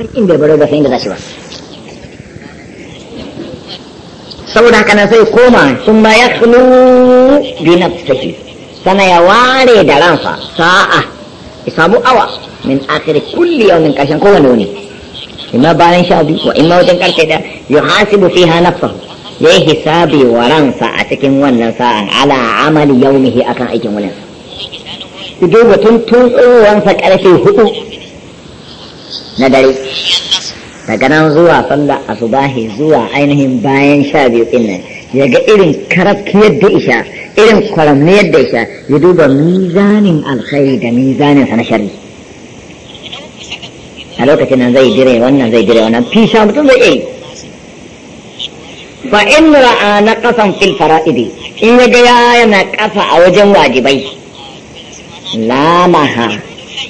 haƙƙin bai bare da sai shi ba saboda haka nan sai koma sun ba ya kulu bi nafsihi sana ya ware da ranfa sa'a ya samu awa min akhir kulli yawmin kashin wani wuni imma bayan sha biyu ko imma wajen karfe da yuhasibu fiha nafsahu yayi hisabi wa ransa a cikin wannan sa'an ala amali yawmihi akan aikin wannan idan batun tun sa karfe hudu na dare daga nan zuwa sallar asubahi zuwa ainihin bayan sha biyu din nan ya ga irin karafki yadda isha irin kwaramni yadda isha ya duba mizanin alkhairi da mizanin sa na shari a lokacin nan zai dire wannan zai dire wannan fisha mutum zai yi fa in ra'a na kasan fil fara'idi in ya ga yana kasa a wajen wajibai lamaha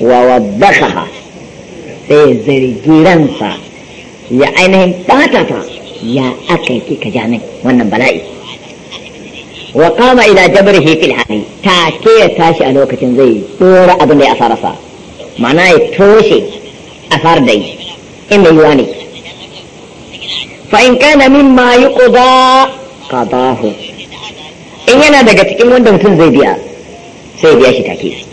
wa waddakaha sai zargi ya ainihin ɓata ta ya aka yi ka ja min wannan bala'i wa kama ila jabrihi fil hali ta ke ya tashi a lokacin zai dora abin da ya sa. ma'ana ya toshe asar da yi inda yiwa ne fa in kana mimma yuqda qadahu in yana daga cikin wanda mutum zai biya sai biya shi take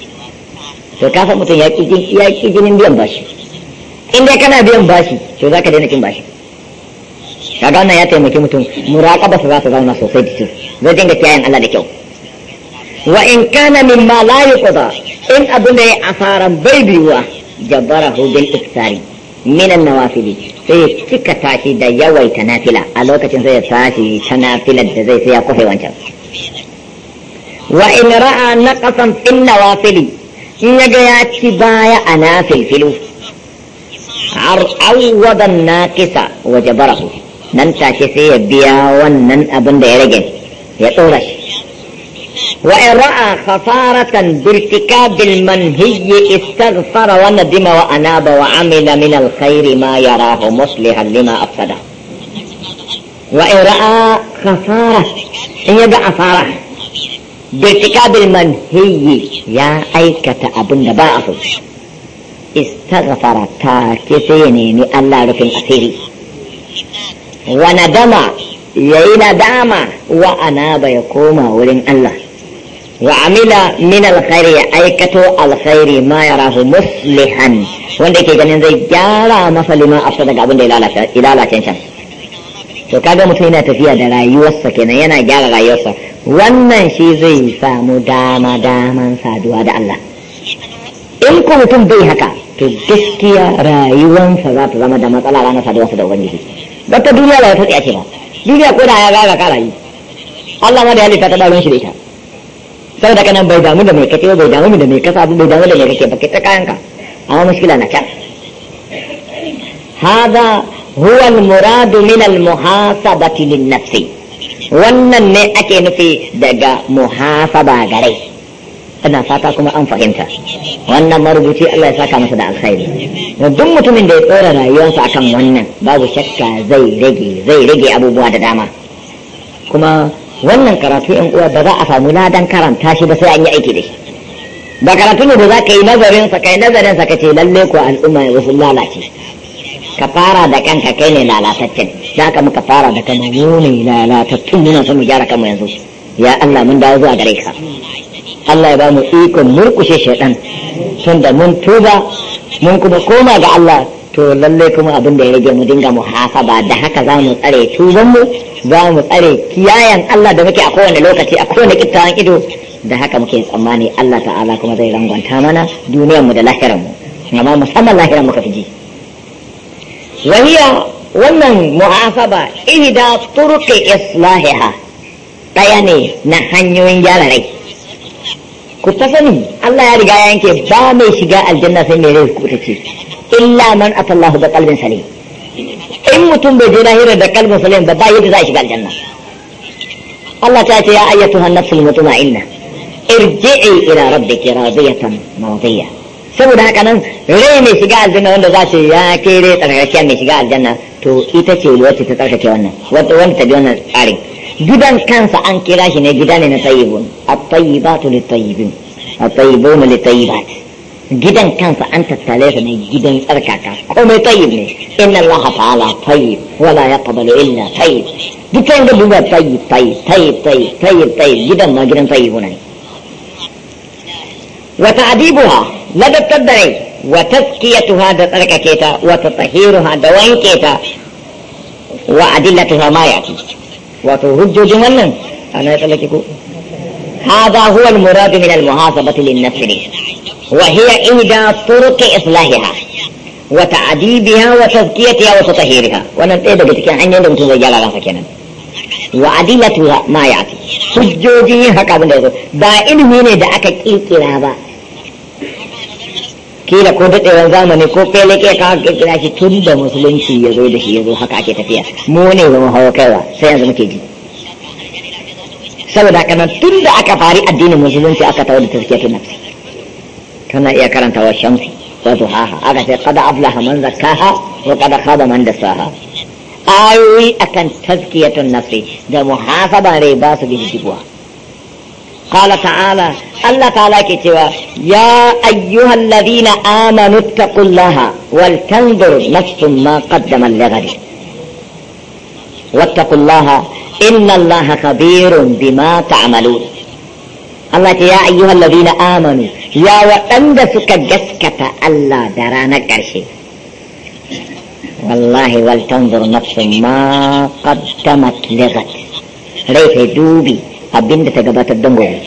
to kafa mutum ya ƙi jinin biyan bashi in dai kana biyan bashi to za ka daina kin bashi kaga wannan ya taimaki mutum muraqaba sa za ta zauna sosai da kyau zai dinga kiyayen Allah da kyau wa in kana ma la yuqda in abu ne a faran bai biyuwa jabarahu bil iftari min an nawafili sai kika tashi da yawaita nafila a lokacin sai ya tashi ta nafila da zai sai ya kofe wancan wa in ra'a naqasan fil nawafili in yaga ya ci baya a filu har aiwa ban na kisa wa jabara nan tashi sai ya biya wannan abin da ya rage ya tsora shi wa in ra'a khasaratan bi irtikab al wa anaba wa amila min al ma yarahu muslihan lima afsada wa in ra'a khasara in yaga ya aikata abinda ba a so istaghfara ta ke sai ya nemi Allah rufin asiri wa nadama yayi nadama wa anaba ya koma wurin Allah wa amila min alkhairi ya aikato alkhairi ma rasu muslihan wanda ke ganin zai gyara masa lima afsa daga da ya shan can to kaga mutum yana tafiya da rayuwarsa kenan yana gyara rayuwarsa wannan shi zai samu dama daman saduwa da Allah in ko mutum bai haka to gaskiya rayuwansa za ta zama da matsala ranar saduwarsa da ubangiji don ta duniya ba ya tsatsi ake ba duniya ko da ya zaga ka yi. Allah ma da ya lita ta dalon shi da ita saboda kana bai damu da mai kake bai damu da mai kasa bai damu da mai kake ba kai ta kayanka amma mushkila na can هذا هو المراد من المحاسبة للنفس wannan ne ake nufi daga muhasaba gare ina fata kuma an fahimta wannan marubuci Allah ya saka masa da alkhairi duk mutumin da ya tsora rayuwarsa akan wannan babu shakka zai rage zai rage abubuwa da dama kuma wannan karatu yan uwa ba za a samu ladan karanta shi ba sai an yi aiki da shi ba karatu ne da za ka yi nazarin sa kai nazarin sa kace lalle ko al'umma ya wasu lalace ka fara da kanka kai ne lalataccen za ka muka fara da kanka mu ne lalatattun muna son mu gyara kanmu yanzu ya Allah mun dawo zuwa gare ka Allah ya ba mu ikon murkushe shaidan sun da mun tuba mun kuma koma ga Allah to lallai kuma abin da ya rage mu dinga mu muhasaba da haka za mu tsare tuban mu za mu tsare kiyayen Allah da muke a kowane lokaci a kowane kittawan ido da haka muke tsammani Allah ta'ala kuma zai rangwanta mana duniyar mu da lahirar mu amma musamman lahirar mu ka fi ji wahiya wannan muhasaba ihda turuqi islahiha daya ne na hanyoyin gyara rai ku ta sani Allah ya riga ya yanke ba mai shiga aljanna sai mai rai kubutace illa man atallahu da kalbin salim in mutum bai je lahira da kalbin salim ba ba yadda za a shiga aljanna Allah ta ce ya ayyatu hannasul mutma'inna irji'i ila rabbiki radiyatan mawdiya saboda haka nan rai mai shiga aljanna wanda za ce ya kere tsarkakiya mai shiga aljanna to ita ce wacce ta tsarkake wannan wanda ta bi wannan tsarin جدا كنف عن كلاهن جدان طيب الطيبات للطيبين الطيبون للطيبات جدا كنف عن الثلاثة جدا أركاكا هم طيبين إن الله تعالى طيب ولا يقبل إلا طيب جدان طيب طيب طيب طيب طيب طيب, طيب, طيب. جدا ما جدا طيبون وتعذيبها لدى التدري وتزكيتها هذا كيتا وتطهيرها دوين كيتا وأدلتها ما يأتي wato hujjojin wannan ana ya tsallake ko هذا هو المراد من المحاسبة للنفس وهي إحدى طرق إصلاحها وتعذيبها وتزكيتها وتطهيرها وننتهي بذلك أن يندم تزجل على سكنا وعديلتها ما يأتي hujjoji yin haka abin da ya zo ba ilimi ne da aka kirkira ba kila ko daɗewar zamani ko kai ke kawo kira shi tun da musulunci ya zo da shi ya zo haka ake tafiya mu ne ba mu hawa kaiwa sai yanzu muke ji saboda kana tun da aka fari addinin musulunci aka tawo da tazkiyatu nafsi kana iya karanta wa shamsi wa duhaha aka ce qad aflaha man zakkaha wa kada khaba man Saha ayoyi akan tazkiyatun nafsi da muhasaba rai ba su bi jibuwa قال تعالى الله تعالى کی يا أيها الذين امنوا اتقوا الله ولتنظر نفس ما قدمت لغد واتقوا الله ان الله خبير بما تعملون الله يا ايها الذين امنوا يا وأندسك جسكة الله درانا قرشي والله ولتنظر نفس ما قدمت لغد ريت دوبي abin da ta gabatar don gobe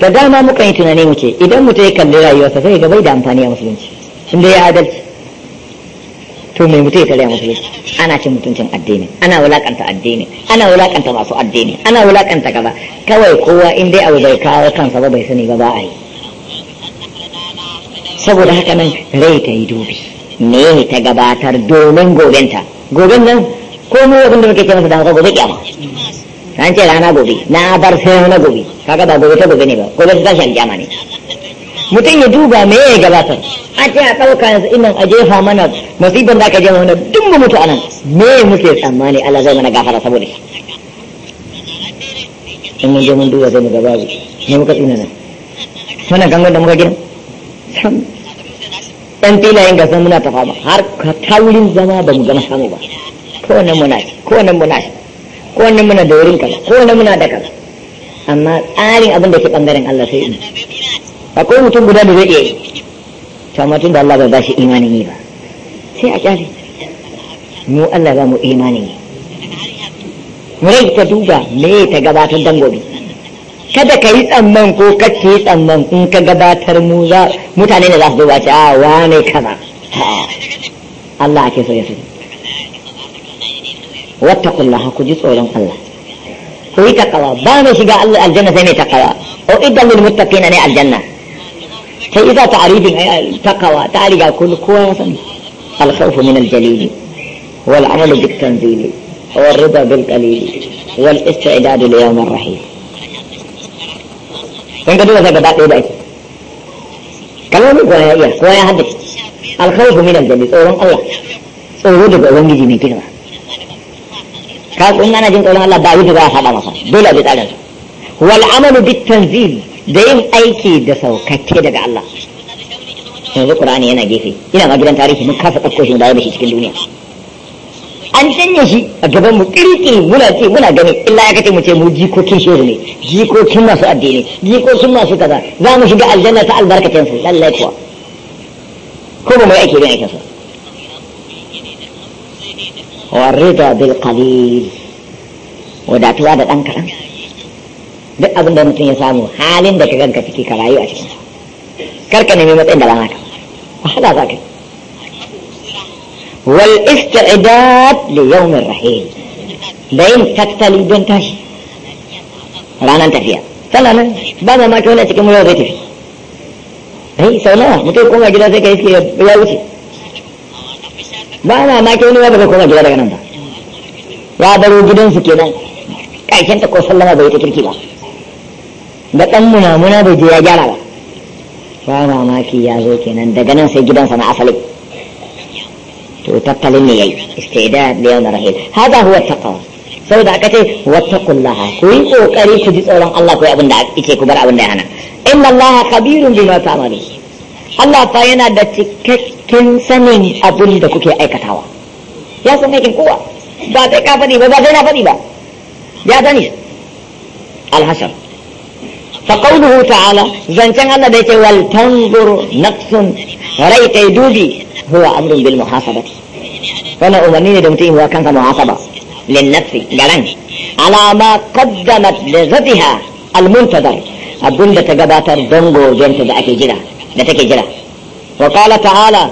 da dama muka yi tunani muke, idan mutum ya kalli rayuwarsa sai ga bai da amfani a musulunci sun dai ya adalci to mai mutum ya kalli a musulunci ana cin mutuncin addini ana wulakanta addini ana wulakanta masu addini ana wulakanta gaba kawai kowa in dai abu bai kawo kansa ba bai sani ba ba a yi saboda haka nan rai ta yi dubi me ta gabatar domin gobenta goben nan komai abin da muke ce masa da gobe kyama an ce rana gobe na bar sai na gobe kaga ba gobe ta gobe ne ba gobe ta tashi aljama ne mutum ya duba me ya gabatar a ce a ɗauka yanzu inan a jefa mana masifan da aka jefa mana duk mu mutu anan me muke tsammani Allah zai mana gafara saboda shi in mun je mun duba zai mu gaba ne muka tsina nan da muka gina ɗan filayen gasa ko wannan muna da wurin kaza ko wannan muna da kaza amma tsarin abin da ke bangaren Allah sai ina akwai mutum guda da zai iya yi to amma tun da Allah bai ba shi imanin yi ba sai a kyale mu Allah ba mu imanin yi Murai ta duba me ta gabatar dan gobe kada ka yi tsamman ko ka ce tsamman in ka gabatar mu za mutane ne za su duba ce a ah, wane kaza Allah ake so ya sani واتقوا الله كجزء ولم الله كوي تقوى بانو سيقى الجنة سيمي تقوى وإدى للمتقين أني الجنة فإذا تعريب تقوى تعريب كل قوة الخوف من الجليل والعمل بالتنزيل والرضا بالقليل والاستعداد ليوم الرحيل ونقدر هذا بدأت إيه بأيك كلامي قوية إيه قوية هدك الخوف من الجليل أولا الله أولا أولا أولا أولا أولا أولا ka in ana jin tsoron Allah ba yadda za a saba masa dole a bi tsarin wal amalu bit tanzil da yin aiki da saukake daga Allah yanzu Qur'ani yana gefe ina ma gidan tarihi mun kasa ɗauko shi dawo da shi cikin duniya an janye shi a gaban mu kirki muna ce muna gani illa ya kace mu ce mu jikokin shehu ne jikokin masu addini jikokin masu kaza za mu shiga aljanna ta albarkacin su lallai kuwa ko ba mu yi aiki bin aikinsa warida bil qalil wadatuwa oh, da ɗan kaɗan duk abin da mutum ya samu halin da ka ganka ciki ka rayu a cikin sa kar ka nemi matsayin da ba naka wahala za ka yi wal isti'dad li yawmin rahim da yin tattali don tashi ranar tafiya sannan ba mamaki wani a cikin mu yau zai tafi ai sau nawa mutum koma eh, gida sai ka yi ya wuce ba na ma ke wani ba zai koma gida daga nan ba ya baro gidansu kenan ƙarshen ta ko sallama bai ta kirki ba da ɗan munamuna bai je ya gyara ba ba mamaki ya zo kenan daga nan sai gidansa na asali to tattalin ne yayi istidad da yau na rahil hada huwa taqwa saboda aka ce wattaqullaha ku yi kokari ku ji tsoron Allah ku yi abin da yake ku bar abin da ya hana inna Allah khabirun bima ta'malun Allah fa yana da cikakken sanin abin da kuke aikatawa ya san aikin kowa ba sai ka faɗi ba ba sai na faɗi ba ya sani alhasar fa qawluhu ta'ala zancen Allah da yake wal tanzur nafsun rai kai dubi huwa amrun bil muhasabati wannan umarni ne da mutum ya kansa muhasaba lin nafsi garan ala ma qaddamat li zatiha al muntazar abinda ta gabatar don gojenta da ake jira da take jira وقال تعالى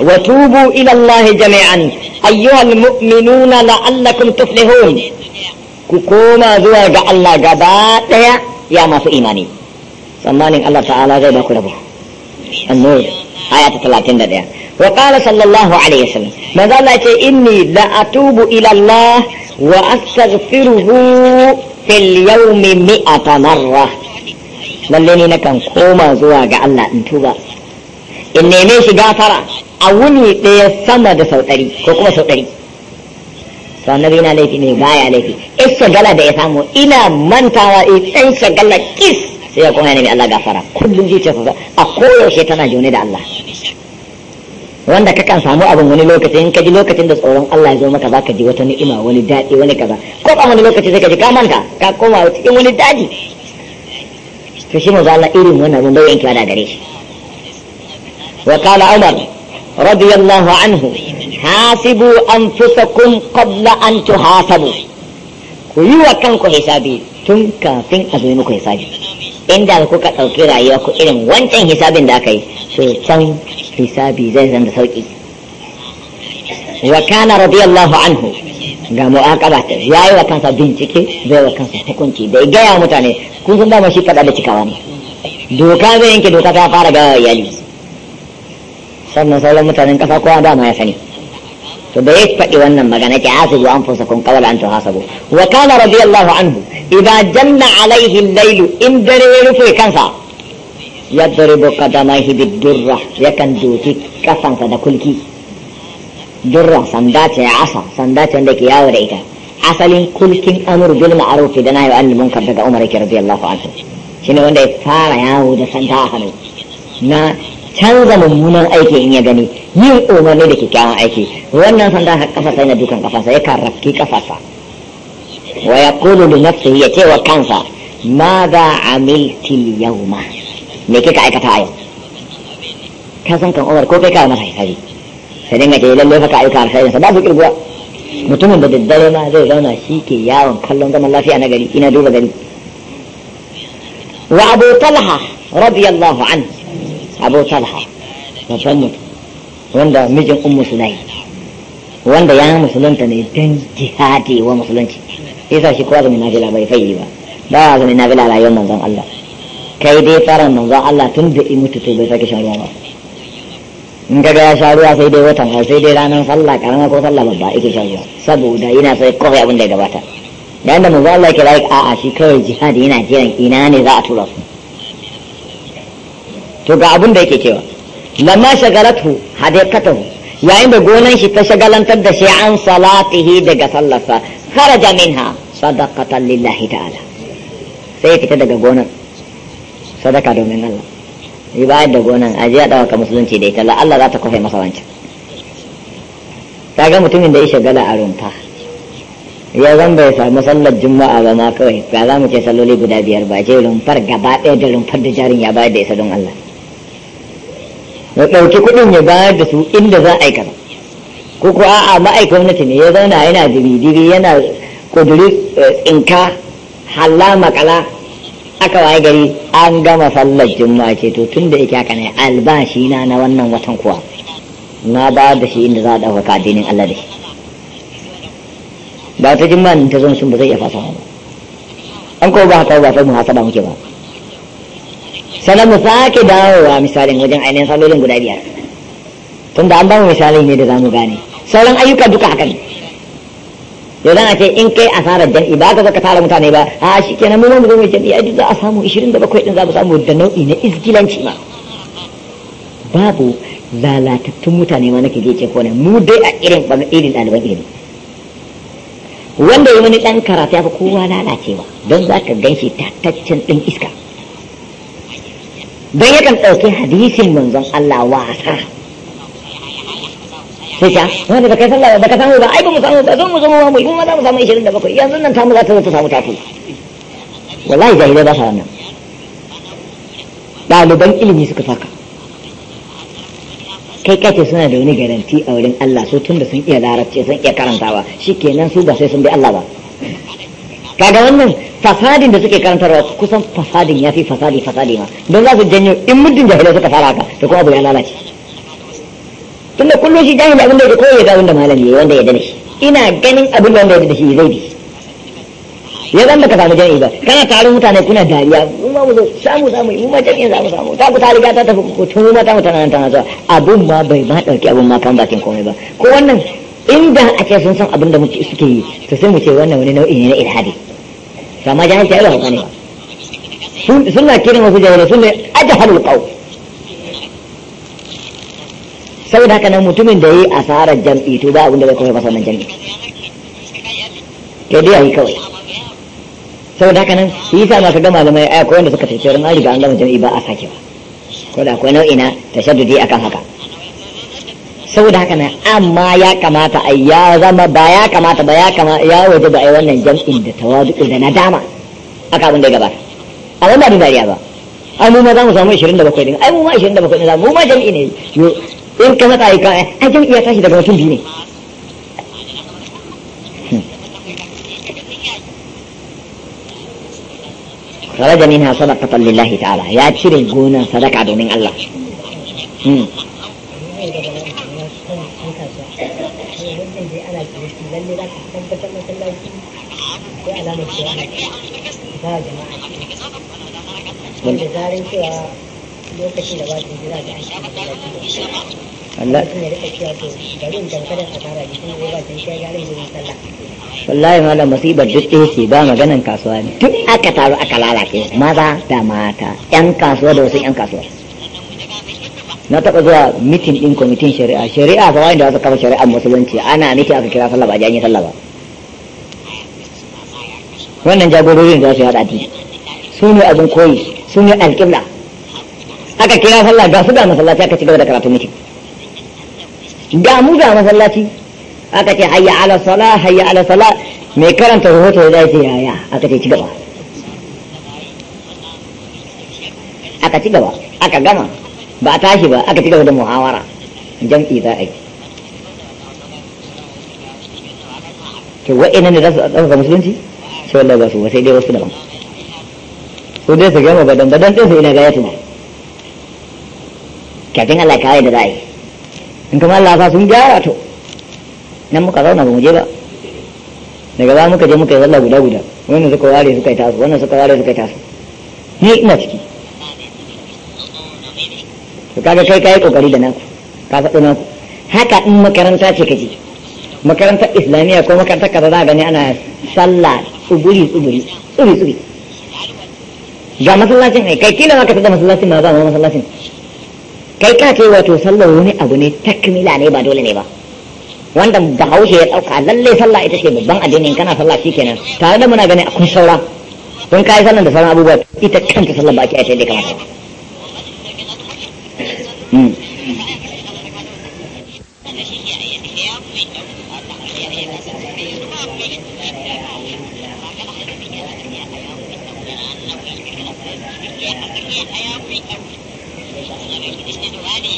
وتوبوا إلى الله جميعا أيها المؤمنون لعلكم تفلحون كوما زوا ga Allah gaba daya ya masu imani tsammanin Allah ta'ala zai ba ku rabo annur aya ta 31 wa qala sallallahu alaihi wasallam manzo Allah ce inni la atubu ila Allah wa astaghfiruhu fil yawmi mi'ata marra lalle ne nakan koma zuwa ga Allah in in neme shi gafara a wuni ɗaya sama da sau ɗari ko kuma sau ɗari to annabi yana laifi ne baya laifi in shagala da ya samu ina mantawa in shagala kis sai ya kuma ya nemi Allah gafara kullum zuciyarsa a koyaushe tana jone da Allah wanda ka kan samu abin wani lokacin in ka ji lokacin da tsoron Allah ya zo maka za ka ji wata ni'ima wani daɗi wani kaza ko ba wani lokaci sai ka ji ka manta ka koma cikin wani daɗi to shi mu Allah irin wannan mun bayyana yankewa da gare shi وقال عمر رضي الله عنه حاسبوا أنفسكم قبل أن تحاسبوا ويوا كنكو حسابي tun kafin a zo muku hisabi inda kuka ɗauki rayuwa ku irin wancan hisabin da aka yi to can hisabi zai anhu ga mu'aqaba ta yayi wa kansa bincike zai wa kansa hukunci da gaya mutane kun san dama shi fada da cikawa ne doka zai yanke doka ta fara ga iyali sannan sauran mutanen kasa kowa dama ya sani to da ya faɗi wannan magana ke hasibu ah, an fusa kun kawala an tuhasabu wa kana radiyallahu anhu idza janna alaihi al-lailu in dare ya rufe kansa yadribu qadamaihi bid-durra kan doki kafansa da kulki durra sanda ce asa sanda ce da ke yawo da ita asalin kulkin amur bil ma'ruf da nahi an munkar daga umar radiyallahu anhu shine wanda ya fara yawo da sanda a hannu na canza mummunan aiki in ya gani yin umarni da kyakkyawan aiki wannan sanda ka kafasa na dukan kafasa ya karrafki kafasa wa ya kulu da ya ce wa kansa ma za a milti yau ma me kika aikata a ka san kan umar ko kai ka masa hisabi sai dinga ce lalle fa ka aika alkhairin sa ba su kirguwa mutumin da daddare ma zai zauna shi ke yawon kallon zaman lafiya na gari ina duba gari wa abu talha radiyallahu anhu abu talha babban mutum wanda mijin ummu sulai wanda ya musulunta ne don jihadi wa musulunci isa shi kowa zama nafila bai fayi ba ba ya zama nafila rayuwar manzon Allah kai dai farar manzon Allah tun da imu tutu bai sake shan ruwa ba in kaga ya sha ruwa sai dai watan sai dai ranar sallah karama ko sallah babba yake shan ruwa saboda yana sai kawai abin da ya gabata da yanda manzon Allah yake rayu a'a shi kawai jihadi yana jiran ina ne za a tura su to ga abin da yake cewa lamma shagaratu hadekatahu yayin da gonan shi ta shagalantar da shi an salatihi daga sallarsa kharaja minha sadaqatan lillahi ta'ala sai ya fita daga gonan sadaka domin Allah yi bayan da gonan aje ya dawaka musulunci da ita la Allah za ta kofe masa wancan kaga mutumin da ya shagala a runfa ya zan bai samu sallar juma'a ba ma kawai ga za mu ce salloli guda biyar ba ce rumfar gaba ɗaya da rumfar da jarin ya bayar da isa don Allah ya ɗauki kuɗin ya bayar da su inda za a yi kaza ko ko a'a gwamnati ne ya zauna yana diri-diri yana kuduri eh, tsinka halla makala aka waye gari an gama sallar juma'a ce to tun da yake haka ne albashi na na wannan watan kuwa na ba da shi inda za a ɗaukaka addinin Allah da shi ba ta juma'a ta zan sun ba zai iya fasa ba an ko ba ta ba ta muhasaba muke ba sannan mu sake dawowa misalin wajen ainihin salolin guda biyar tun da an bamu misalin ne da za mu gane sauran ayyuka duka hakan ne zan ce in kai asarar jan'i ba ka zaka tara mutane ba a shi kenan mu mu zo mai jan'i za a samu 27 din za mu samu da nau'i na izgilanci ma babu lalatattun mutane ma nake je ce ko ne mu dai a irin irin ɗaliban ilimi wanda ya wani ɗan karatu ya fi kowa lalacewa don za ka gan shi tataccen ɗin iska don kan ɗauki hadisin manzon Allah wasa sai ta ah, wanda kai sallah ba ka samu ba ai ba mu samu ba zo mu zo mu mu mun za mu samu 27 yanzu nan mu za ta zata ta samu tafi wallahi jahilai ba sa wannan ɗaliban ilimi suka saka kai kace suna da wani garanti a wurin Allah su tun da sun iya larabci sun iya karantawa shikenan su ba sai sun bi Allah ba kaga wannan fasadin da suke karantarwa kusan fasadin ya fi fasadi fasadi ma don za su janyo in muddin jahilai suka fara haka to kuma abu ya lalace tunda kullum shi jahilai abin da ya koyi ga abin da malami ya wanda ya dana shi ina ganin abin da wanda ya dane shi zai bi ya zan da ka samu jami'i ba kana taron mutane kuna dariya mu ma mu zo samu samu mu ma jami'in samu samu ta ku ta riga ta tafi ko tun mu ma ta mutane nan tana zuwa abun ma bai ma dauki abun ma kan bakin komai ba ko wannan inda a ce sun san abin da muke suke yi to sai mu ce wannan wani nau'i ne na ilhadi amma jahilci ai ba haka ne suna kiran wasu jahilai sun ne ajhalul qaw saboda haka nan mutumin da yi asarar jam'i to ba abin da bai kuma masa nan jam'i to dai kawai saboda haka nan yi sa masu gama da mai ayyuka wanda suka tafi ran riga an gama jam'i ba a sake ba ko da akwai nau'i na tashaddudi akan haka saboda haka nan amma ya kamata a ya zama ba ya kamata ba ya kamata ya waje ba yi wannan jam'in da tawadu da dama aka abin da gaba a wannan da dariya ba ai mu ma za mu samu 27 din ai mu ma 27 din za mu ma jam'i ne in ka mata ai kawai eh, ai jam'i ya tashi daga mutum biyu ne Sarajanin hmm. ha sadaka لله ta'ala ya cire gonan sadaka domin Allah. Hmm. alama ma ba da ba su da ba maganin maganan kasuwa ne duk aka taru aka lalace maza da mata yan kasuwa da wasu yan kasuwa na taɓa zuwa mitin ɗin kwamitin shari'a shari'a ba da wasu kafa shari'ar musulunci ana miki aka kira sallah ba a wannan jagororin za su yi addini su ne abin koyi su ne alƙibla aka kira sallah ga su ga masallaci aka ci gaba da karatu mutum ga mu ga masallaci aka ce hayya ala sala hayya ala sala mai karanta rahoto ya ce yaya aka ce ci gaba aka ci gaba aka gama ba a tashi ba aka ci gaba da muhawara jam'i za a yi to wa'ina ne za su ɗaukaka musulunci sai wanda ba su ba sai dai wasu daban su dai su gama gadon gadon dai su ina ga ya tuna kafin Allah kawai da rai in kuma Allah sun gyara to nan muka zauna ba mu je ba daga ba muka je muka yi sallah guda guda wannan suka ware suka yi tasu wannan suka ware suka yi tasu ni ina ciki to kaga kai kai kokari da naku ka faɗi naku haka in makaranta ce kaje makarantar islamiyya ko makarantar kaza za gani ana sallah tsuguri tsuguri tsuri tsuri ga masallacin ne kai kila maka da masallacin ma ba ma masallacin kai ka ce wato sallar wani abu ne takmila ne ba dole ne ba wanda bahaushe ya dauka lalle sallah ita ce babban addinin kana sallah shikenan tare da muna gani akwai saura don kai sallar da sauran abubuwa ita kanta sallar ba ake aisha da kamata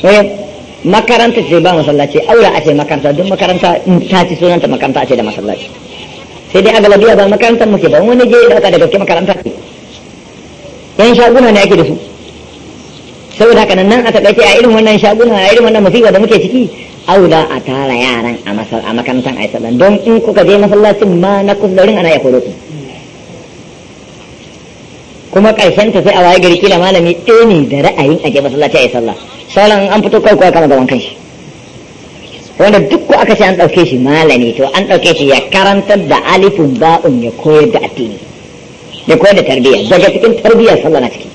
Eh, makaranta ce ba masallaci aure a ce makaranta duk makaranta in ta ci sunanta makaranta a ce da masallaci sai dai agalabiya ba makaranta muke ba wani je da daga ke makaranta ce yan shaguna ne ake da su saboda haka nan a takaice a irin wannan shaguna a irin wannan musiba da muke ciki aula a tara yaran a masal a makarantar aisalan don in kuka je masallacin ma na kusa da wurin ana ya koro ku kuma karshen ta sai a waye gari kila malami ɗaya ne da ra'ayin aje masallaci ai sallah sauran an fito kai kuwa kama gaban shi wanda duk ko aka ce an ɗauke shi malami to an ɗauke shi ya karantar da alifin ba'un ya koyar da addini ya koyar da tarbiyya daga cikin tarbiyya sallah na ciki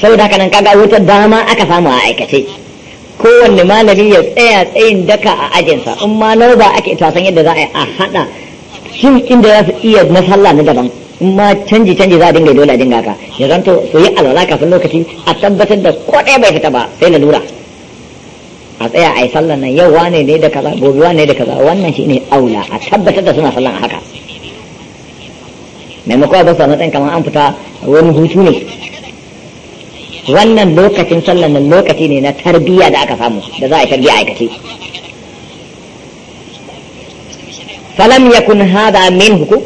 saboda haka nan kaga wata dama aka samu a aikace kowanne malami ya tsaya tsayin daka a ajinsa in ma nau ba ake tasan yadda za a haɗa shin inda za su iya na sallah na daban in ma canji canji za a dinga dole a dinga ka ya zanto su yi alwala kafin lokaci a tabbatar da ko ɗaya bai fita ba sai na lura. a tsaya a yi sallan nan yau wane ne da kaza gobe wane da kaza wannan shi ne aula a tabbatar da suna sallan haka maimakon ba a matsayin kamar an fita wani hutu ne wannan lokacin sallan nan lokaci ne na tarbiyya da aka samu da za a yi tarbiyya a aikace falam yakun hada hukum?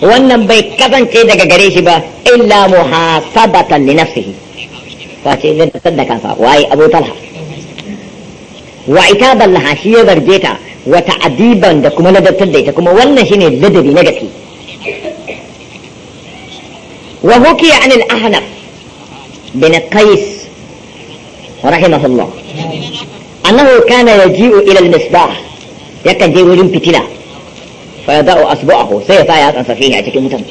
wannan bai kasance daga gare shi ba illa muhasabatan li nafsihi face zai tattar da kansa waye abu talha wa itaban laha shi ya zarge ta wa ta'adiban da kuma ladabtar da ita kuma wannan shine ladabi na gaske wa hukiya an al-ahnaf bin qais rahimahullah annahu kana yaji'u ila al-misbah yakan je wurin fitila fa ya asbu'ahu sai ya sa ya tsansa fihi a cikin wutan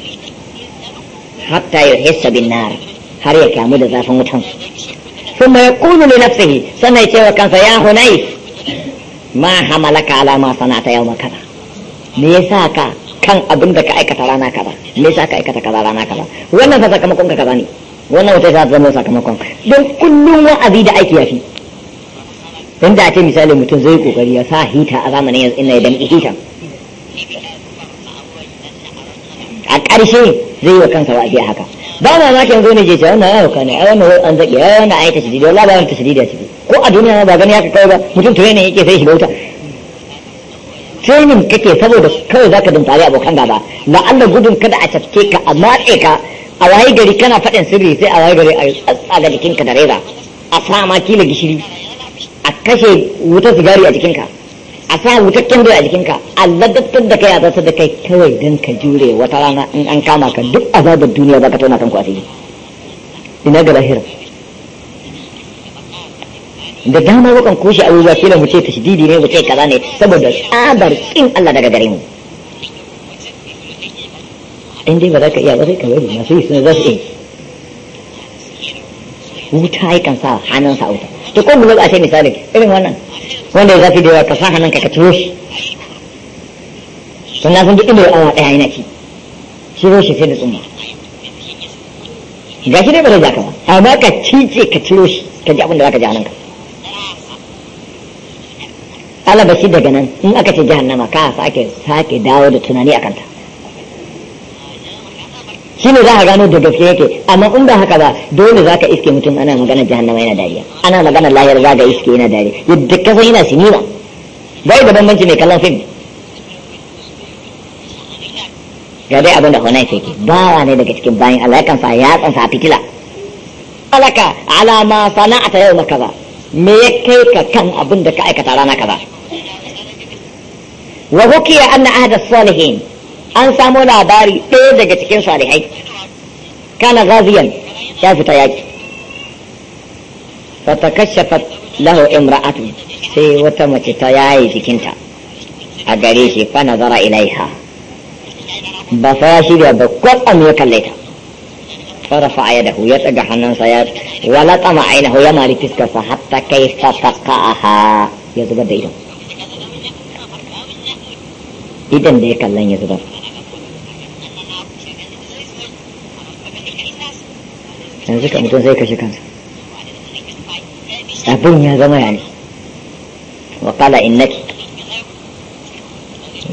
hatta ya hissa bin nar har ya kamu da zafin wutan ثم يقول لنفسه سنة يتوى كان يا هنيف ما حملك على ما صنعت يوم كذا ميسا كان أبن دك أي كترانا كذا ميسا كا كترانا كذا وانا فساكمكم كذا ني وانا وتسا زمو ساكمكم دون كل وعدي دا أيكي يفي dan da ce misali mutum zai kokari ya sa hita a zamanin yanzu ina idan hitan a ƙarshe zai yi wa kansa wa a haka ba ma ma kyan gone je ta wannan ya hauka ne ai wannan wani an zaki a wannan ayi ta shidi wallahi ba ta shidi da ciki ko a duniya ba gani ka kawai ba mutum to ne yake sai shi bauta training kake saboda kawai zaka dumfari abokan gaba la'alla gudun kada a cafke ka a matse ka a waye gari kana faɗin sirri sai a waye gari a tsaga jikinka da reza a sa ma kila gishiri a kashe wutar sigari a jikinka a sa cikin doya a jikinka Allah dattar da kai a zasu da kai kawai don ka jure wata rana in an kama ka duk azabar duniya za ka tona kanku a cikin ina ga lahira da dama wakan kushe abubuwa kila mu ce ta tashdidi ne mu ce kaza ne saboda tsabar kin Allah daga gare mu in dai ba za ka iya ba sai ka masu yi suna za su iya wuta yakan sa hannun sa wuta to ko mu zo a ce misalin irin wannan wanda ya zafi da yawa ka sa hannun ka ka ciro shi sannan sun duk inda ya awa ɗaya yana ci ciro shi sai da tsumma ga shi dai ba zai ja ka ba amma ka cice ka turo shi ka ji abin da za ka ji hannun ka alaba shi daga nan in aka ce jahannama ka sa sake dawo da tunani a kanta shi ne za ka gano da gaske yake amma in ba haka ba dole za ka iske mutum ana magana jahannama yana dariya ana magana lahiyar za ga iske yana dariya yadda ka san yana sinima bai da bambanci mai kallon fim ga dai abin da hunan yake bawa ne daga cikin bayan Allah yakan sa ya tsansa fitila alaka alama sana'ata yau maka ba me ya kai ka kan abin da ka aikata rana kaza wa hukiya anna ahada salihin an samo labari ɗaya daga cikin salihai kana gaziyan ya fita yaki fa lahu imra'atu sai wata mace ta yaye jikinta a gare shi fa nazara ilaiha ba fa shirya ba kwatsam ya kalle ta farafa a yadahu ya tsaga hannunsa ya wala tsama ainihu ya mari fiskarsa hatta kai ha ya zubar da idan idan da ya kallon ya zubar yanzu ka mutum sai kashe kansa abin ya zama ya ne wa kala innaki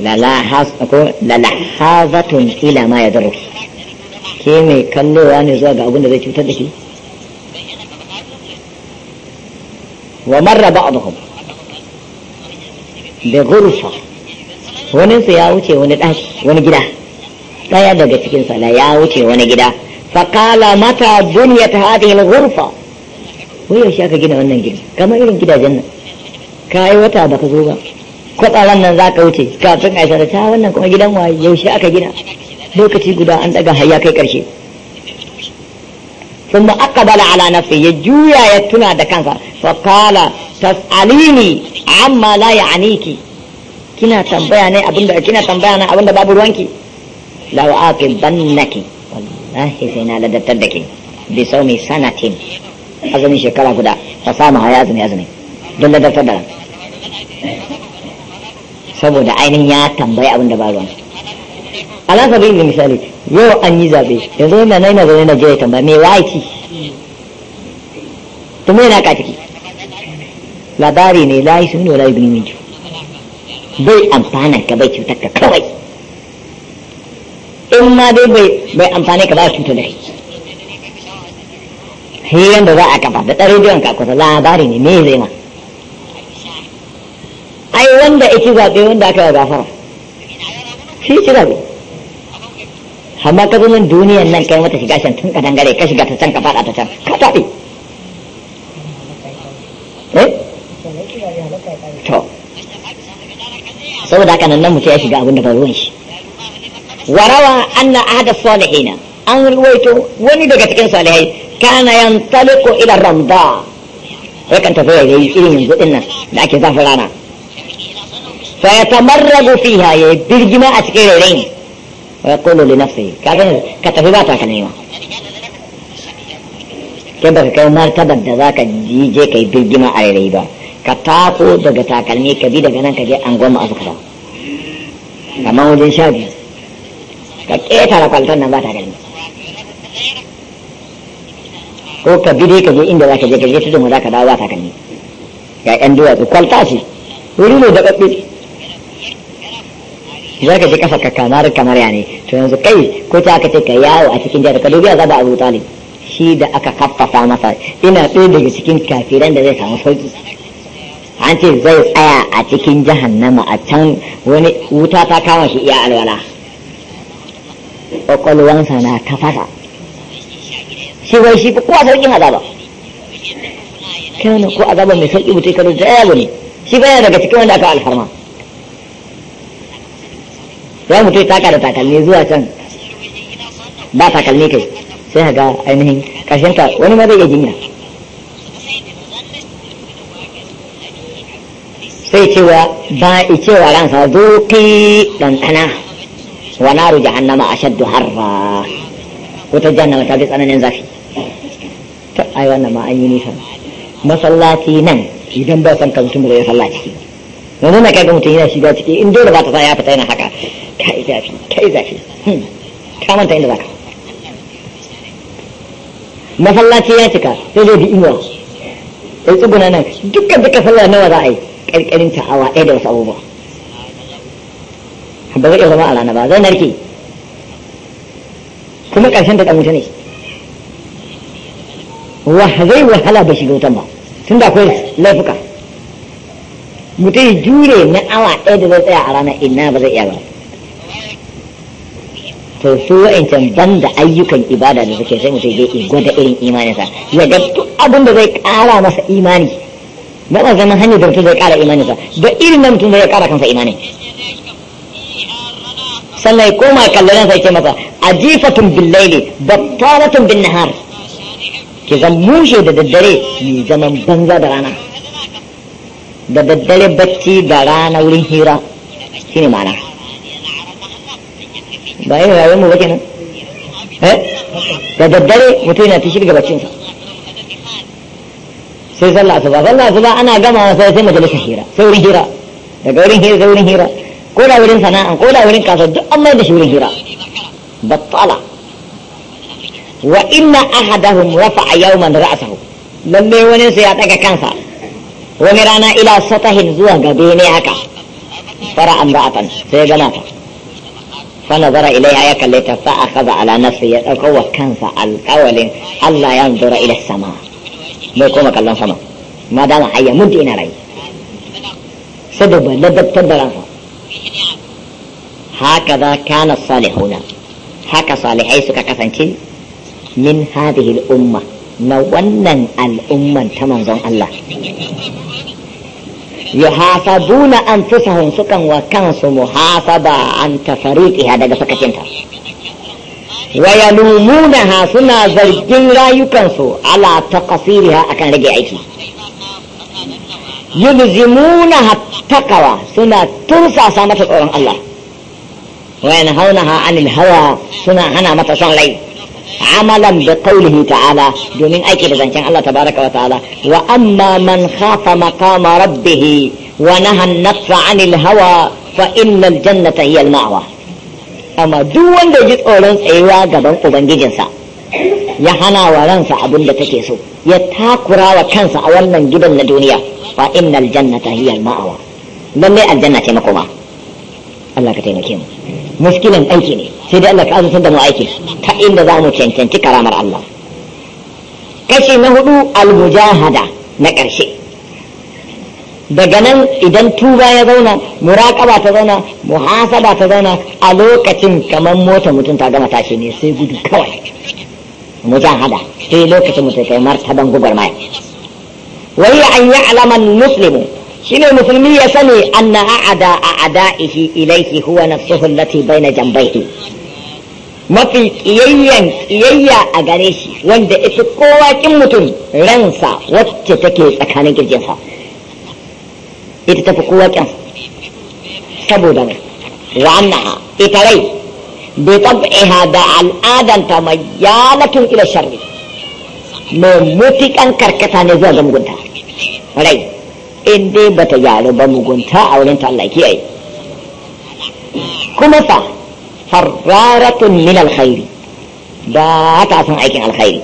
lalahazatun ila ma ya zaro ke mai kallowa ne zuwa ga abin da zai cutar da shi wa marra ba'dhum da ghurfa wani su ya wuce wani daki wani gida ɗaya daga cikin sala ya wuce wani gida فقال متى بنيت هذه الغرفة wai yaushe aka gina wannan gini kamar irin gidajen nan ka yi wata ba ka zo ba kwatsaran nan za ka wuce kafin a da ta ah, wannan kuma gidan wa yaushe aka gina lokaci guda an kai karshe ثم أقبل على نفسه يجويا يتنا دكانسا فقال تسأليني عما لا يعنيك كنا تنبيا ني أبن كنا babu ني أبن باب روانك لو آكل sahihi sai na ladattar da ke bi saumi sanatin azumin shekara guda ta samu haya azumi azumi don ladattar da saboda ainihin ya tambayi abin da ba ruwan ala sabi da misali yau an yi zabe yanzu yana na yana zaune na je ya tambaya me waiki to yana ka ciki labari ne la yi sunu la yi bin bai amfana ka bai cutar ka kawai in ma dai bai amfani ka ba cuta da shi hiran yanda za a kafa da ɗan rediyon ka kusa labari ne me zai ma ai wanda ya zaɓe wanda aka yi gafara shi shi zaɓe amma ka zo nan duniyan nan kai mata shiga can tun ka dangare ka shiga ta can ka faɗa ta can ka taɓe eh? to saboda haka nan nan mutum ya shiga abin da ba ruwan shi وروى أن أحد الصالحين أن رويته ولدك تكين صالحين كان ينطلق إلى الرمضاء هيك أنت فيها يشيرين ينزل إنا لكن ظهر أنا فيتمرغ فيها بالجماعة كيرين ويقول لنفسه كافين كتفيباتا كنيوة kai baka kai martabar كيف zaka je kai جي كي rairai ba ka tako daga takalmi ka bi daga nan ka je an goma ka ƙetara kwalton nan ba ta gani ko ka bi dai ka je inda za ka je ka je tudun za ka dawo ba ta gani ga ƴan duwatsu kwalta ce wuri ne da ƙaɓɓe za ka je ƙasa ka kamar kamar ya ne to yanzu kai ko ta aka ce ka yawo a cikin jihar ka dubi a zaba abu talib shi da aka kaffafa masa ina ɗaya daga cikin kafiran da zai samu sauki an ce zai tsaya a cikin jahannama a can wani wuta ta kama shi iya alwala kwakwalwansa na tafasa shi wai shi ko a sauƙin azaba kyanu ko azaba mai sauƙi mutum kano ta yabo ne shi bayan daga cikin wanda aka alfarma ya mutum taka da takalmi zuwa can ba takalmi kai sai ga ainihin ta wani ma zai iya jinya sai cewa ba cewa ransa zo kai ɗanɗana wa naru jahannama ashaddu harra wata jahannama ta bi tsananin zafi ta ai wannan ma an yi nisa masallaci nan idan ba san kan mutum ya salla ciki yanzu na kaga mutum yana shiga ciki in dole ba ta sa ya fita yana haka yi zafi yi zafi ka hmm. manta inda zaka masallaci ya cika sai zai bi inuwa sai tsuguna nan dukkan duka sallah nawa za a yi ƙarƙarin ta awa ɗaya da wasu abubuwa ba zai iya zama a rana ba zai narke kuma ƙarshen da ɗan ne zai wahala da shiga wutan ba tun da akwai laifuka mutum jure na awa ɗaya da zai tsaya a rana ina ba zai iya ba to su wa'ancan ban da ayyukan ibada da suke sai mutum zai gwada irin imaninsa ya ga duk abin da zai ƙara masa imani ba zama hanyar da mutum zai ƙara imaninsa da irin da mutum zai ƙara kansa imanin sannan ya koma ya kalli ransa yake masa ajifatun billaili battaratun bin nahar ki zan mushe da daddare mai zaman banza da rana da daddare bacci da rana wurin hira ne ma'ana ba yi rayuwar mu bakin eh da daddare mutum yana tashi daga baccinsa sai sallah asuba sallah ba ana gama sai sai majalisar hira sai wurin hira daga wurin hira sai wurin hira ko da wurin sana'a ko da wurin kasuwa duk an mai da shi wurin hira battala wa inna ahadahum rafa'a yawman ra'sahu lalle wani sai ya daga kansa wani rana ila satahin zuwa gabe ne haka fara an amra'atan sai ya gana ta fa nazara ilayha ya kalle ta fa akhadha ala nafsi ya dauko wa kansa alqawlin Allah ya yanzura ila sama mai koma kallon sama Madama dama hayya mutu ina rai sai da ladabtar da ransa haka za kana salihuna haka salihai suka kasance min hadihi al'umma na wannan al'umman ta manzon Allah ya hasabu na an fusa hunsukan wa kansu mu hasaba an tafariki ha daga fakakinta wa yalumu ha suna zargin rayukansu ala takasiri ha akan rage aiki yubzimuna hattaqawa suna tursasa mata tsoron Allah wa yanhaunaha anil hawa suna hana mata son rai amalan da qaulihi ta'ala domin aiki da zancen Allah tabaraka wa ta'ala wa amma man khafa maqama rabbih wa naha an-nafsa 'anil hawa fa innal jannata hiya al-ma'wa amma duk wanda ji tsoron tsayuwa gaban ubangijinsa ya hana wa ransa abin da take so ya takura wa kansa a wannan gidan na duniya fa innal jannata hiya al-ma'awa lalle aljanna ce makoma Allah ka taimake mu muskilan aiki ne sai dai Allah ka azurta da mu aiki ta inda za mu cancanci karamar Allah kashi na hudu al-mujahada na ƙarshe daga nan idan tuba ya zauna muraƙaba ta zauna muhasaba ta zauna a lokacin kamar mota mutum ta gama tashi ne sai gudu kawai mujahada sai lokacin mutum kai martaban gwagwarmaya wai an yi alaman muslimu shine musulmi ya sani anna a'ada a'ada'ihi ilaihi huwa nafsuhu bai na jambayhi mafi tsiyayyan kiyayya a gare shi wanda ita kowa kin mutum ransa wacce take tsakanin kirjinsa ita tafi kowa kin saboda wa ita rai بطبعها دا الآدم تميالة إلى الشر من متك أنكر كتاني زوجة مقنتا ولي إندي دي بتجالو بمقنتا أو لنتا الله كي أي كما فا فرارة من الخير دا تعصن أيكين الخير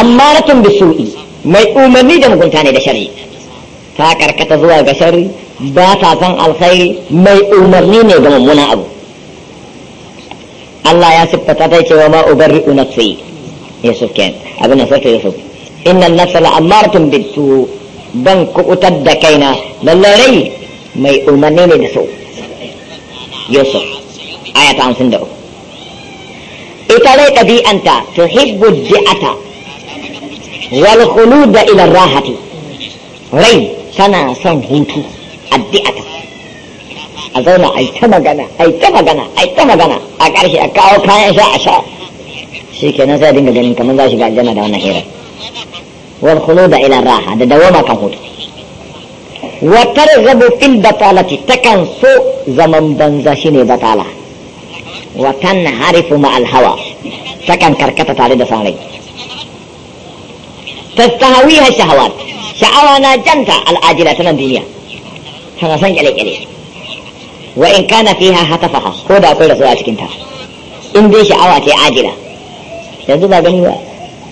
أمارة بالسوء ما يؤمني da mugunta ne da shari ta karkata ba ta san alkhairi mai umarni ne ga mummuna abu Allah ya siffata ta cewa ma ubarri'u nafsi Yusuf ken abin da sarki Yusuf inna nafsa la'amartum bisu ban kubutar da kaina lallai rai mai umarni ne da sau Yusuf aya ta hamsin da ita rai ɗabi'anta tuhibbu ji'ata wal khuluda ila rahati rai tana son hutu addu'a a zauna a ta magana a ta magana a ta magana a ƙarshe a kawo kayan sha a sha shi kenan sai dinga ganin kamar za shi ga aljanna da wannan hirar wal khulud ila raha da dawama kan hutu wa targhabu fil batalati takan so zaman banza shine batala wa tanharifu ma al hawa takan karkata tare da san rai tastahawiha shahawat sha'awa na janta al ajila ta duniya sana san kyale-kyale wa in kana fiha faha, ko da akwai rasuwa a cikin ta in dai sha'awa ce ajila yanzu ba gani ba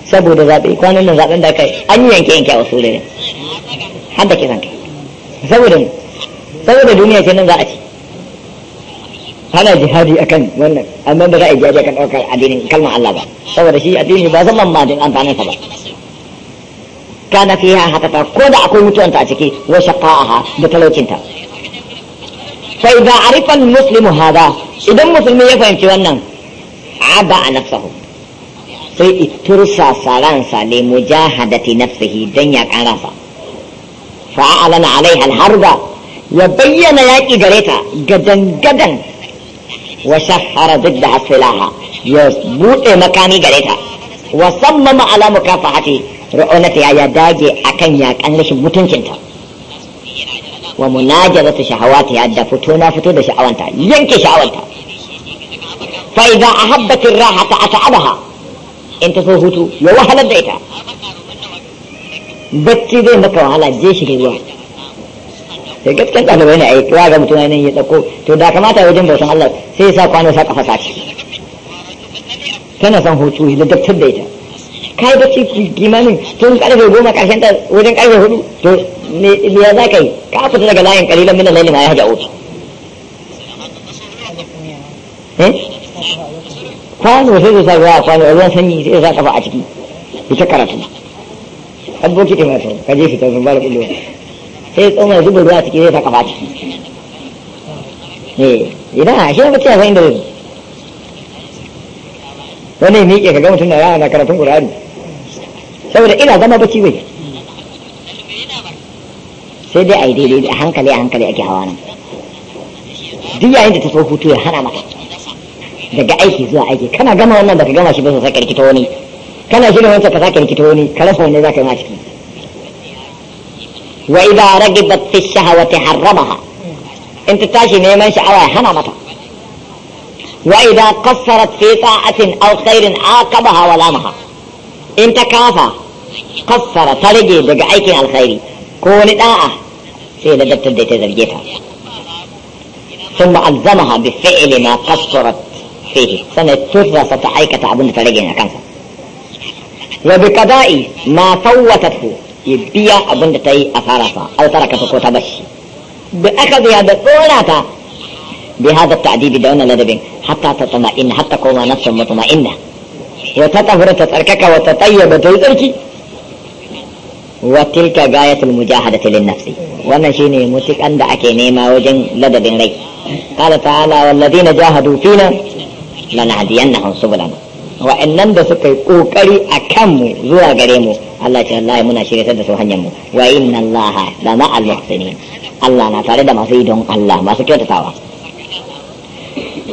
saboda zaɓe kwanan nan zaɓen da kai an yi yanke yanke a wasu ne har da kisan kai saboda saboda duniya ce nan za a ci ana jihadi akan wannan amma ba za a yi jihadi akan ɗaukar addinin kalmar Allah ba saboda shi addini ba zama ma din amfaninsa ba kana fiha hatata ko da akwai mutuwanta a ciki wa shaqa'aha da talaucinta fa idza arifa al-muslimu hada idan musulmi ya fahimci wannan aba a nafsahu sai itursa saransa ne mujahadati nafsihi dan ya karansa fa alana alaiha al-harba ya bayyana yaki gare ta gadan gadan wa shahara didda hasilaha ya bude makami gare ta wa sammama ala mukafahati ru'unatiha ya ya dage akan yakan rashin mutuncinta wa munajazatu ya da fito na fito da sha'awanta yanke sha'awanta fa idza ahabbat ar-rahata ata'abaha in ta so hutu ya wahalar da ita bacci zai maka wahala je shi ruwa sai gaskiyar bai ne a yi ga mutum ne ya dauko. to da kamata wajen bautan Allah sai ya sa kwano sa kafa sace tana son hutu ya ladabtar da ita kai bacci kimanin tun karfe goma karshen ta wajen karfe hudu to me ya za ka yi ka fita daga layin kalilan minan lailin ya haja wuce eh? kwano sai zai sa a kwano ruwan sanyi sai sa ba a ciki ita karatu aboki tumatir ka je fita sun bada kullum sai tsoma zuba ruwa ciki zai ta kafa a ciki eh idan shi ne bacci a san da zai wani miƙe ka ga mutum na yana karatun ƙur'ani saboda ina zama bacci bai sai dai a yi daidai a hankali a hankali ake hawa nan duk yayin da ta so hutu ya hana maka daga aiki zuwa aiki kana gama wannan baka gama shi ba sai ka rikita wani kana shirin wancan ka sake rikita wani ka rasa wani zaka yi ma ciki wa idza ragibat fi shahawati harramaha in ta tashi neman sha'awa ya hana mata wa idza qassarat fi ta'atin aw khairin aqabaha wa lamaha in ta kafa قصر طريقي rage على aikin alkhairi ko wani da'a sai ثم ألزمها بفعل ما قصرت فيه سنة ترى ستعيك تعبون ترجعنا كنسا وبقضاء ما فوتته يبيع أبن تي أثارها أو ترك كوتا بس بأخذ هذا قولاتها بهذا التعذيب دون لدبين حتى تطمئن حتى كوما نفس مطمئنة وتطهر تتركك وتطيب تتركي wa tilka gayatul mujahadati lin nafsi wannan shine mutukan da ake nema wajen ladadin rai qala ta'ala wal na jahadu fina lanahdiyannahum subulana wa innan da suka yi kokari akan mu zuwa gare mu Allah ce wallahi muna shirye da su hanyar mu wa inna Allah la ma'al muhsinin Allah na tare da masu idon Allah masu kyautatawa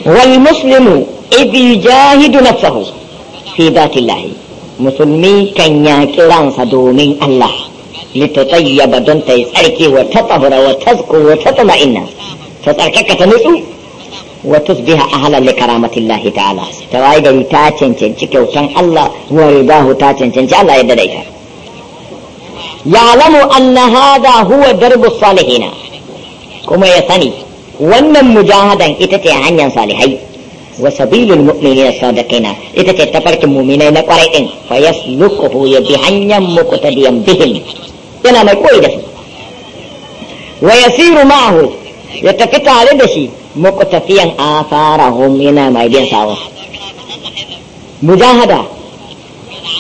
wal muslimu idh yujahidu nafsahu fi dhatillahi musulmi kan yaƙi kiransa domin Allah litattayyaba don ta yi tsarki wa ta tsabura wa tasko wa ta tsama'inna ta tsarkaka ta nutsu wa tusbiha ahlan li karamatillahi ta'ala ta waye gari ta cancanci kyautan Allah wa ridahu ta cancanci Allah yadda da ya'lamu anna hadha huwa darbu salihina kuma ya sani wannan mujahadan ita ce hanyar salihai wa sabilul mu'minina sadaqina ita ce tafarkin mu'minai na kwarai din fa yasluquhu ya bi hanyar muqtadiyan bihin. yana mai koyi da shi wa yasiru ma'ahu ya tafi tare da shi muqtafiyan asarahum yana mai bin sawa mujahada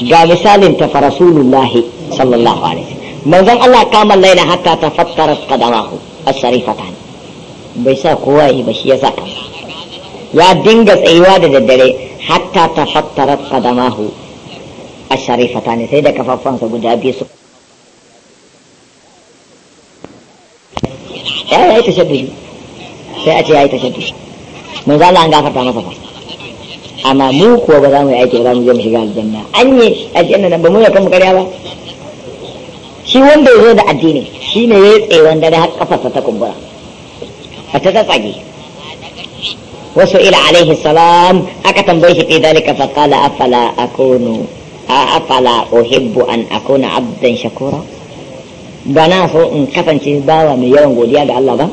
ga misalin ta rasulullahi sallallahu alaihi manzon Allah kamar laila hatta tafakkara qadamahu as-sarifatan bai sa kowa yi ba shi ya sa ya dinga tsayuwa da daddare hatta tafakkara a as ne sai da kafafansa guda biyu su. ya yi tashaddudi sai a ce ya yi tashaddudi mun zala an gafarta masa fa amma mu kuwa ba za mu yi aiki ba za mu je mu shiga aljanna an yi aljanna nan ba mu yakan mu karya ba shi wanda ya zo da addini shi ne ya yi tsewan dare har kafarsa ta kumbura a ta tsatsage wasu ila alaihi salam aka tambaye shi fi dalika fa qala afala akunu afala uhibbu an akona abdan shakura ba na so in kasance bawa mai yawan godiya ga Allah ba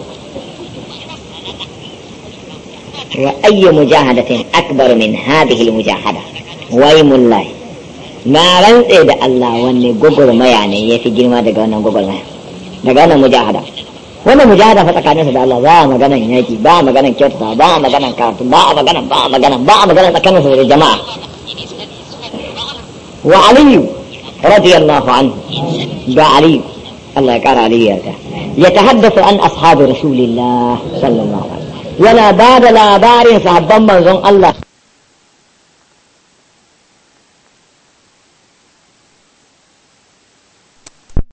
wa ayyu mujahadatin akbar min hadhihi almujahada wai mullahi na rantse da Allah wanne gwagwarmaya ne ya fi girma daga wannan gwagwarmaya daga wannan mujahada wannan mujahada fa tsakaninsa da Allah ba a maganan yaki ba a maganan kyautata ba a maganan karatu ba a maganan ba maganan ba maganan tsakaninsa da jama'a wa aliyu radiyallahu anhu ba aliyu Allah ya kara aliyu yarda ya tahaddasu an ashabi rasulillah sallallahu alaihi ba da labarin sahabban manzon Allah